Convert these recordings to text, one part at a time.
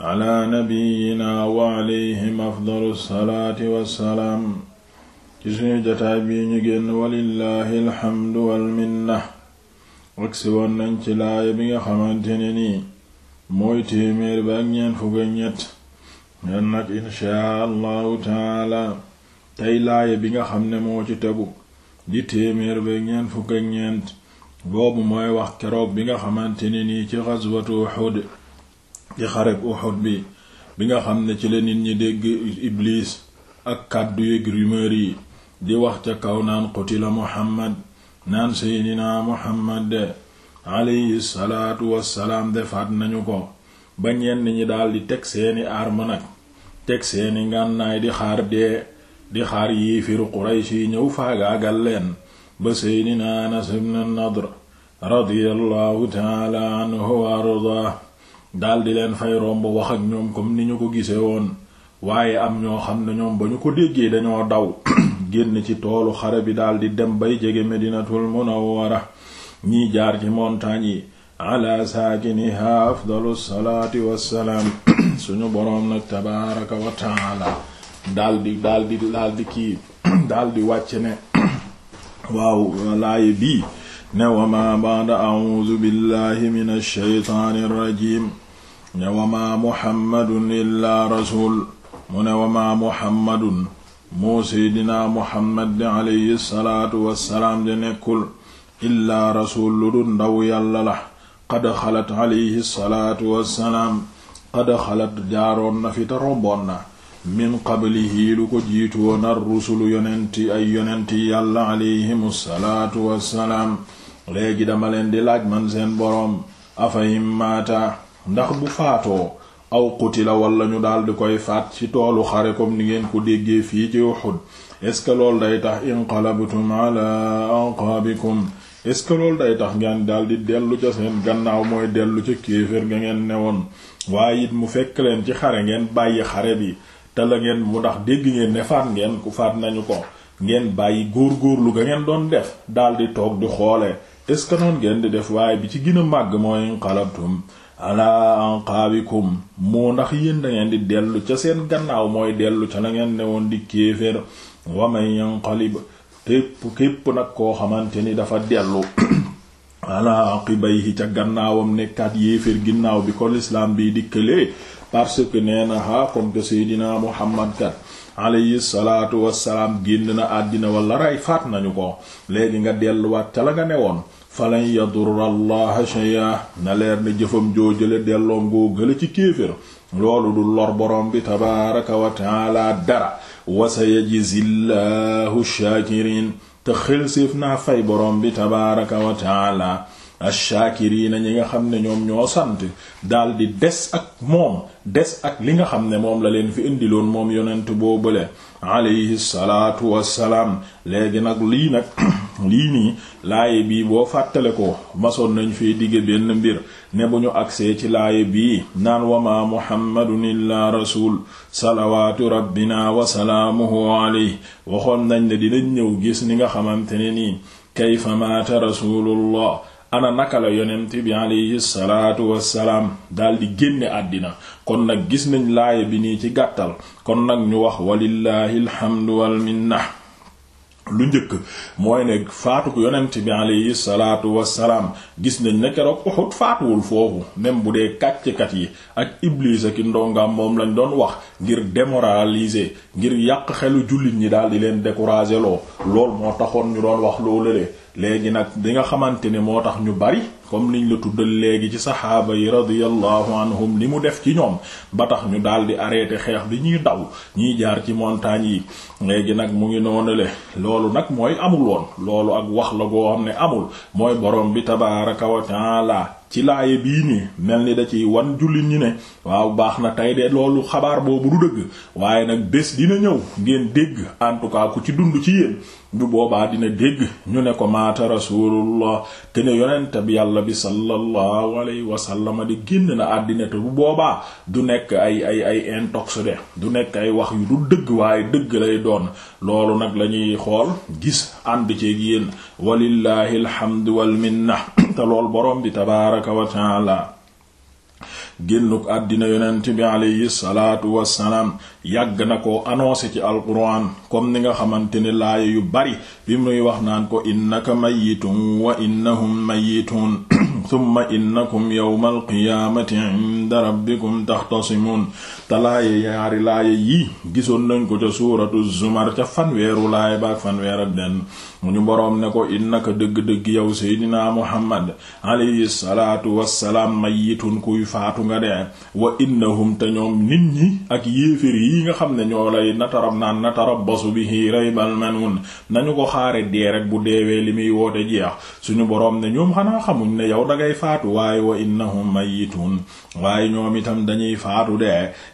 ala nabiyyina wa alayhim afdalu salaati ci suñu jataay bi ñu génn walillahi alhamdu walminna wagsi woon nañ ci laaya bi nga xamante ne nii mooy téeméer ba ak ñeent fukk ak ñett ñen nag inchaa allahu taala tey laaya bi nga xam ne moo ci tegu di téeméer ba ñeent fukk ñeent boobu mooy wax keroog bi nga xamante ne nii ci ghazwatu Uhud ci xareb Uhud bi bi nga xam ne ci la nit ñi dégg Iblis ak kàddu yeeg rumeur yi di wax ca kaw naan qutila Muhammad naan seydinaa Muhammad de alayhi salaatu wassalaam defaat nañu ko ba ñenn ñi daldi teg seeni arme nag teg seeni ngànnaay di xaar dee di xaar yiifiru Quraysh ñëw faagaagal leen ba seydinaa Anas ibn Nadr radiyallahu taala anhu wa ardaa daldi leen fay romb wax ak ñoom comme ni ñu ko gisee woon waaye am ñoo xam ne ñoom ba ñu ko déggee dañoo daw génn ci toolu xare bi daldi dem bay jege medinatul munawwara ñii jaar ci montagne yi ala saakiniha afdalu salaati wassalaam suñu boroom nag tabaaraka wa taala daldi daldi daldi kii daldi wàcce ne waaw laaye bii ne wa ma ba'da a'uuzu billahi minash shaytaanir rajiim ne wamaa muhammadun illaa rasul mu ne wamaa muhammadun nekkul illaa rasul lu du ndaw yàlla la qad xalat alayhi salaatu wassalaam qad xalat jaaroon na fi te min qablihi lu ko jiitoon ar rusulu yonenti ay yonenti yàlla alayhimu salaatu wassalaam léegi dama leen di man seen boroom ndax bu faatoo aw qutila wala ñu daldi koy faat ci toolu xare comme ni ngeen ko déggee fii ci Uhud est-ce que loolu day tax inqalabtum ala anqabikum est-ce que loolu day tax ngeen daldi dellu ca seen gannaaw mooy dellu ca kéefër nga ngeen newoon waaye it mu fekk leen ci xare ngeen bàyyi xare bi te la ngeen bu ndax dégg ngeen ne faat ngeen ku faat nañu ko ngeen bàyyi góor góor lu ga ngeen doon def daldi toog di xoole est-ce que noon ngeen di def waaye bi ci gën a màgg mooy inqalabtum ala anqaabikum moo ndax yéen da ngeen di dellu ca seen gannaaw mooy dellu ca la ngeen ne woon di kéeféer wa man yanqalib képp képp nag koo xamante ni dafa dellu ala aqibayhi ca gannaawam nekkaat yéeféer ginnaaw bi ko lislaam bi dikkalee parce que nee na ha comme que muhammad kat alayhi salaatu wassalaam génn na àddina wala rey faat nañu ko léegi nga delluwaat ca la nga newoon falan yadurra allaha shay'a na leer ne jëfam joojale delloom goo gële ci kéefér loolu du lor borom bi tabaraka wa taala dara wa sayajzi llahu shakirin te xel séef naa fay borom bi tabaraka wa taala ash-shakirina ñi nga xam ne ñoom ñoo sant daal di des ak moom des ak li nga xam ne moom la leen fi indiloon moom yonent boobule alayhi salaatu wassalaam léegi nag lii nag lii nii laaye bii boo fàttale ko masoon nañ fee digge benn mbir ne bu ñu agsee ci laaye bii naan wamaa muhammadun illaa rasul salawaatu rabbina wa salaamuhu waxoon nañ ne dinañ ñëw gis ni nga xamante ne nii kayfa maata rasulullah ana naka la yonent bi alayhi salaatu wassalaam daldi génne àddina kon nag gis nañ laaya bi nii ci gàttal kon nag ñu wax walillahi alhamdu wal minna lu njëkk mooy ne faatu ko yonent bi alayhi wassalaam gis nañ ne keroog Uhud faatuwul foofu même bu dee kàcckat yi ak Iblis ak ndongaam moom lañ doon wax ngir démoraliser ngir yàq xelu jullit ñi daal di leen décourager loo lool moo taxoon ñu doon wax loolu le léegi nag di nga xamante ne moo tax ñu bari comme niñ la tuddal léegi ci saxaaba yi radiyallahu anhum li mu def ci ñoom ba tax ñu daal di arrêté xeex bi ñuy daw ñuy jaar ci montagne yi léegi nag mu ngi noonale loolu nag mooy amul woon loolu ak wax la goo xam ne amul mooy borom bi tabaaraka wa taala ci laaye bii nii mel ni da ciy wan jullit ñi ne waaw baax na tey de loolu xabaar boobu du dëgg waaye nag bés dina ñëw ngeen dégg en tout cas ku ci dund ci yéen bu boobaa dina dégg ñu ne ko maata rasulullah te ne yonente bi yàlla bi sallallahu alayhi wasallama di génn na àddina te bu boobaa du nekk ay ay ay intox du nekk ay wax yu du dëgg waaye dëgg lay doon loolu nag la ñuy xool gis ànd ceeg yéen walillahi alhamdu wal minna te lool boroom bi tabaaraka wa taala génnuk àddina yonent bi alayhi salaatu wassalaam yàgg na ko annoncé ci alquran comme ni nga xamante ne laaya yu bari bi muy wax naan ko innaka mayyitun wa innahum mayyitun tumma innakum yawma alqiyaamati inda rabbikum taxtasimuun te laaye yaari laaye yii gisoon nañ ko ca suuratu zumar ca fanweeru laay baak fanweer ak benn mu ñu boroom ne ko innaka dëgg-dëgg yow seydinaa muhammad alayhi salaatu wassalaam mayyitun kuy faatu nga dee wa innahum te ñoom nit ñi ak yéefér yi nga xam ne ñoo lay natarab natarabbasu bihi raybal manun nañu ko xaare dee rek bu deewee li muy woote jeex suñu boroom ne ñoom xanaa xamuñ ne yow ngay faatu waaye wa innahum mayyitun waaye ñoom itam dañuy faatu de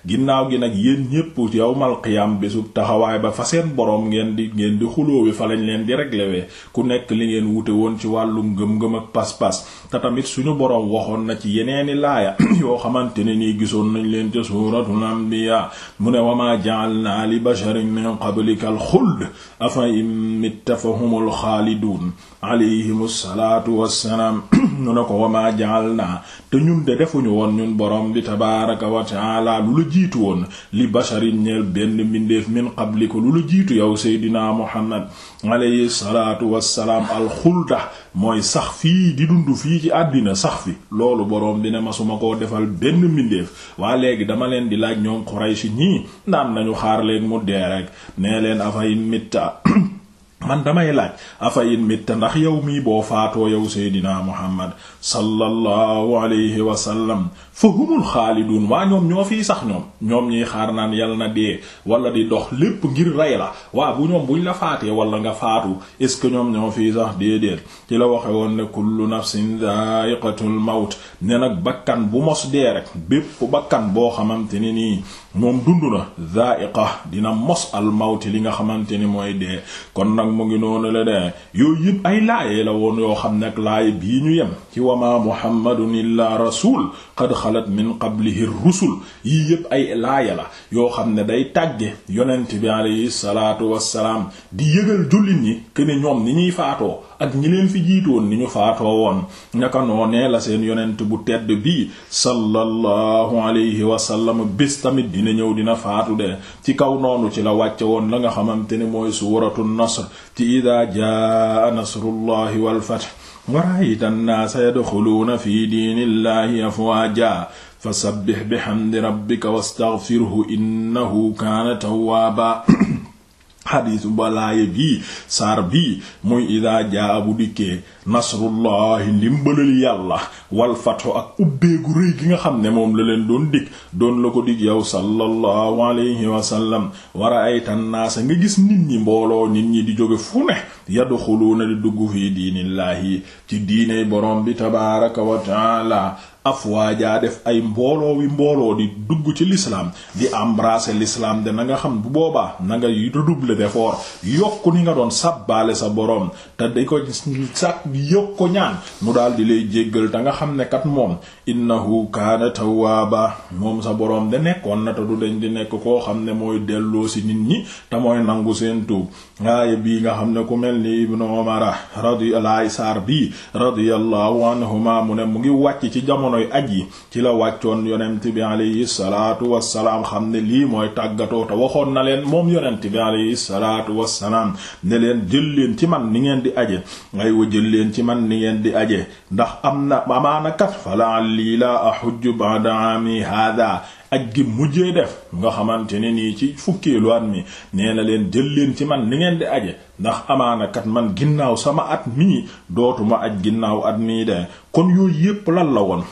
ginnaaw gi nag yéen ñépp yawmal qiyam bésub taxawaay ba fa seen boroom ngeen di ngeen di xulóowe fa lañ leen di réglewee ku nekk li ngeen wute woon ci wàllum gëm-gëm ak pas-pas te tamit suñu boroom waxoon na ci yeneeni laaya yoo xamante ne nii gisoon nañ leen ca suuratul anbiya mu ne wa wamaa naa li basharin min qablikal xuld afa in mitta fahumul xaalidun alayhimus salaatu wassalaam ko wa maa naa te ñun de defuñu woon ñun borom bi tabaaraka wa taala lu la jiitu woon li basharin ñeel benn mbindeef min qabliku lu la jiitu yow seydinaa muhammad alayhi salaatu salaam alxulda mooy sax fii di dund fii ci àddina sax fi loolu boroom dina masuma koo defal benn mbindeef waa léegi dama leen di laaj ñoom Quraysh ñii naan nañu xaar mu dee rek nee leen afay mitta man damay laaj afa in mitta ndax yow mii boo faatoo yow seydinaa muhammad sallallahu alayhi wa sallam fa humul xaaliduun waa ñoom ñoo fiy sax ñoom ñoom ñiy xaar naan yal na dee wala di dox lépp ngir rey la waa bu ñoom buñ la faatee wala nga faatu est ce que ñoom ñoo fi sax déedéet ci la waxe woon ne kullu nafsin dha'iqatul maut ne nag bakkan bu mos dee rek bépp bakkan boo xamante ni nii moom dund na zaaiqa dina mos al li nga xamante ni mooy dee kon nag mu ngi noonu la de yooyu yëpp ay laaye la woon yoo xam nag laaye bii ñu yem ci wamaa muhammadun illaa rasul qad xalat min qablihi rusul yii yëpp ay laaya la yoo xam ne day tàgge yonent bi alayhi salaatu wassalaam di yëgal jullit ñi kene ñoom ni ñuy faatoo ak ñi leen fi jiitoon ni ñu faatoo woon ñaka noonee la seen yonent bu tedd bii sallallahu alayhi wa bis bés tamit dina ñëw dina faatu de ci kaw noonu ci la wàcce woon la nga xamante ne mooy suuratu nasr ci idaa jaa nasrullahi wal fath waraayita nnaasa yadxuluuna fi diinillahi afwaaja fasabbih bihamdi rabbika wastaghfirhu innahu kaana tawwaaba xadiisu balaaya bii saar bi muy idaa jaa bu dikkee nasrullahi ndimbalal yàlla wal fathu ak ubbeegu rëy gi nga xam ne moom la leen doon dig doon la ko dig yow sallallahu alayhi wasallam wara ay tannaasa nga gis nit ñi mbooloo nit ñi di jóge fu ne yadxuluuna di dugg fii diinillaahi ci diiney boroom bi tabaaraka wa taala afwaajaa def ay mbooloo wi mbooloo di dugg ci lislaam di embrasser l'islam de na nga xam bu boobaa na nga de d'effort yokk ni nga doon sàbbaale sa boroom te di ko sàkk yokk ko ñaan mu daal di lay jéggal te nga xam ne kat moom innahu kaana tawwaaba moom sa boroom de nekkoon na te du dañ di nekk koo xam ne mooy delloo si nit ñi te mooy nangu seen tuub aaya bii nga xam ne ku mel ni ibnu umara radi laay saar bii radiyallahu anhuma mu ne mu ngi wàcc ci jamonoy aj yi ci la wàccoon yonent bi alayhi salaatu wassalaam xam ne lii mooy tàggatoo te waxoon na leen moom yonent bi alayhi salaatu wassalaam ne leen jël leen ci man ni ngeen di aje ngay wa jël leen ci man ni ngeen di aje ndax am na amaanakat fala lii la ahujju ba'da ami hada aj gi def nga xamante ne nii ci fukkeelu at mi nee leen jël leen ci man ni ngeen di aje ndax amaana man ginnaaw sama at mii dootuma aj ginnaaw at mii de kon yooyu yépp lan la woon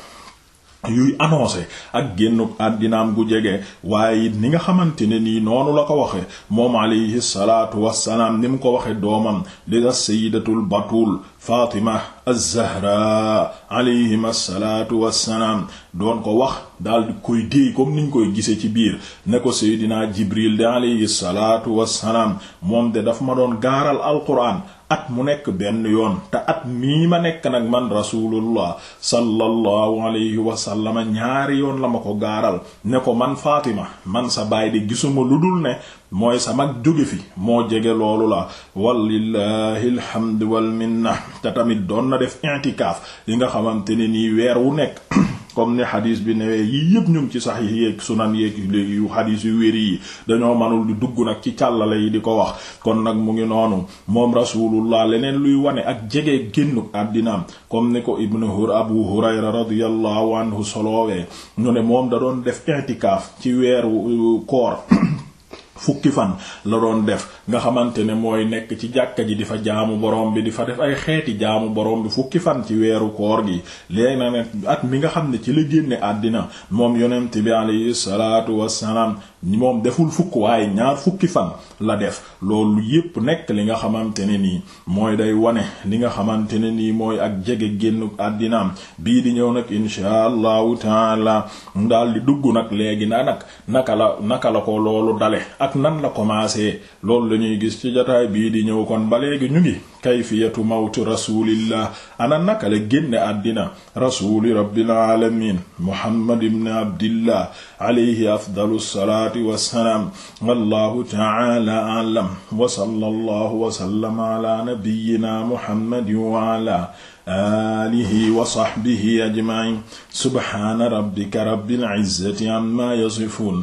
yuy annoncé ak génnu àddinaam gu jege waaye it ni nga xamante ne nii noonu la ko waxe moom alayhi salaatu wassalaam ni mu ko waxe doomam di a sayyidatul batul Fatima az-Zahra alayhim assalaatu wassalaam doon ko wax daal di koy déey comme niñ koy gise ci biir ne ko Seydina Jibril de alayhi salaatu wassalaam moom de dafa ma doon gaaral alquran at mu nekk benn yoon te at mii ma nekk nag man rasulullah sallallahu alayhi wasallama ñaari yoon la ma ko gaaral ne ko man Fatima man sa baay di gisuma lu dul ne mooy sama jóge fi moo jege loolu la walillahi alhamdu wal minna te tamit doon na def intikaaf yi nga xamante ne nii weer wu nekk comme ni xadis bi newee yii yëpp ñu ngi ci sax yéeg sunan yéeg léegi yu xadis yu wéri yi dañoo manul di dugg nag ci càllale yi di ko wax kon nag mu ngi noonu moom rasulullah leneen luy wane ak jege génnu àddinaam comme ni ko ibnu hur abu hurayra radiyallahu anhu solowee ñu ne moom da doon def i'tikaaf ci weeru koor fukki fan la doon def nga xamante ne mooy nekk ci jàkka ji di fa jaamu borom bi di fa def ay xeeti jaamu borom bi fukki fan ci weeru koor gi léegi ne at mi nga xam ne ci la génne àddina moom yonent bi alayhi moom deful fukk waaye ñaar fukki fan la def loolu yépp nekk li nga xamante ne nii mooy day wane li nga xamante ne nii mooy ak jege génn àddinaam bii di ñëw nag insha allahu taala daal di dugg nag léegi na nag naka la naka la ko loolu dale ak nan la commencé loolu la ñuy gis ci jotaay bii di ñëw kon ba léegi ñu ngi kayfiyatu mawtu rasulillah ana naka la génne àddina rasuli rabbil alamin muhammad ibn abdillah alayhi afdalu salaati wassalaam wallahu ta'ala a'lam wa sallallahu wa sallama ala nabiyyina muhammadin wa ala alihi wa sahbihi ajma'in subhana rabbika rabbil izzati amma yasifun